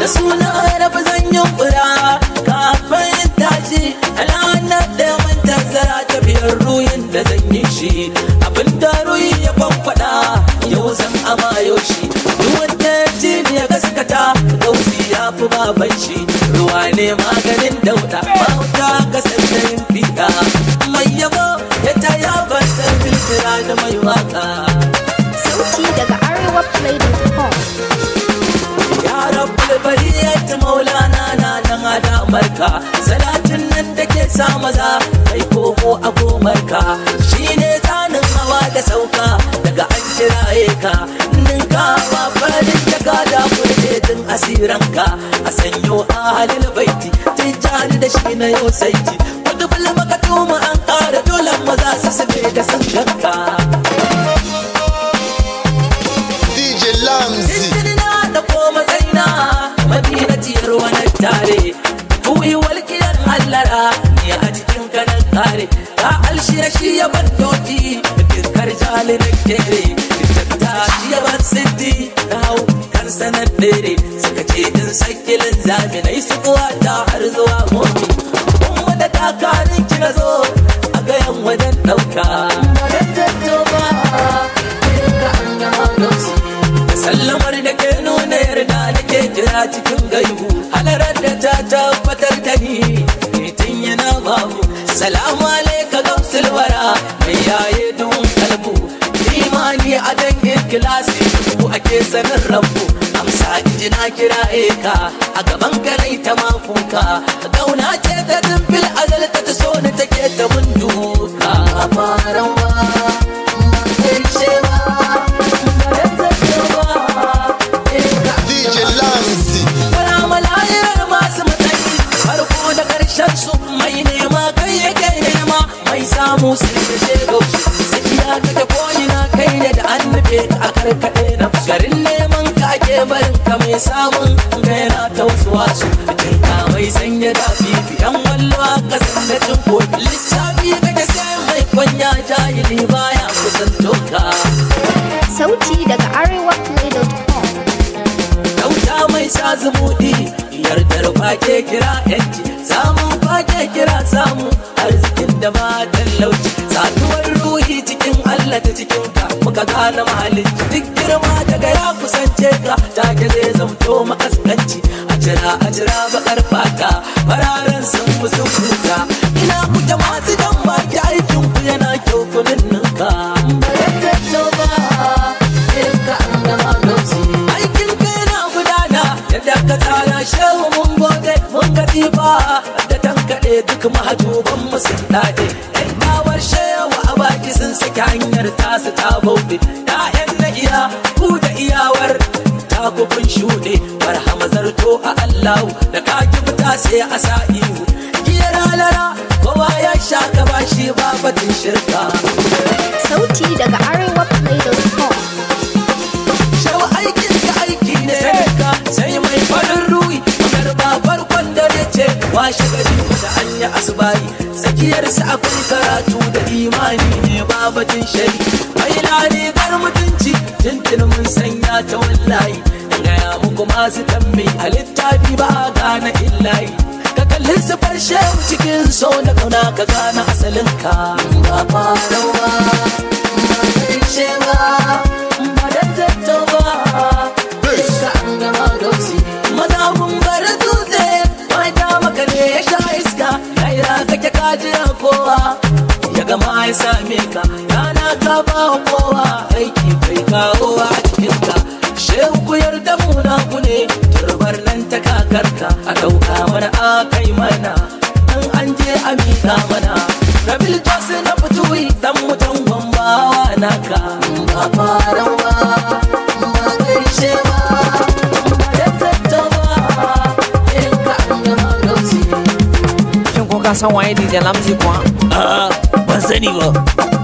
da suna rabu zan yi kura kafin tashi alana da manta zara ta biyar ruyin da zan yi shi abin da ruyi ya kwamfada yau zan amayo shi duk wanda ya ya gaskata gausi ya fi baban shi ruwa ne maganin dauda bauta ga sassan fita mai yabo ya ta yaban san filtira da mai waka barka salatin nan da ke sa maza kai koko a gomarka shine tsanin hawa da sauka daga an kiraye ka ninkawa farin da gada kurje tun asiranka a sanyo a halin baiti tijjani da shi na yau saiti kudu bala maka tuma an kara dole maza su sube da sanganka DJ Lams ya ban doki Kirkar jali da kere Kirkata ban siddi Na hau kan sanar dare Suka ce din sakilin zami Na yi sukuwa ta har zuwa momi Umma da takarin ki zo A gayan wajen ɗauka Sallamar da ke nuna yarda da ke jira cikin gaibu Halarar da ta tabbatar da ni Mitin yana babu salama sanin rabu amsa inji na kira ka a gaban ka ta mafuka karkaɗe na garin neman ka barin ka mai samun gaira ta wasu wasu cikin kamai sanya da fifi yan wallo a kasar da cin kofi lissafi kake sai mai kwanya jahili baya kusan toka sauti daga arewa play.com dauta mai sa zumuɗi yardar ba kira yanci samun da ba lauci Satuwar ruhi cikin Allah ta cikin ka muka gane mahalicci duk girma daga ya kusance ka take zai zamto makaskanci a jira a jira bakar fata fararen sun musu kuka ina kuke masu dan baki aikin ku yana kyau kunin ninka aikin ka yana gudana yadda ka tsara shehu mun gode mun katifa da tankaɗe duk mahajuba sun daɗe yan bawar shewa a baki sun saki hanyar tasu ta bauɗe ɗayan na iya ku da iyawar ta kun shuɗe barhama zarto a allahu da kaki fita sai a sa ihu giyar halara kowa ya sha ka bashi babatin shirka sauti daga arewa imani ne babatin shari bai ne gar mutunci tuntun mun sanya ta wallahi yaya muku masu tambi a littafi ba a gane illahi ka kalli su farshe cikin so na kauna ka gane asalin ka ba farau ba ba ya same ka rana ka ba kowa aiki bai kawo a cikin ka shehu yarda muna ku ne turbar nan ta kakarka a ɗauka mana a kai mana an an je a miƙa mana rabil jose na fituri dan mutan na ka ba faran ba ba gaishe ba São Wayne de Lamzi Ah, en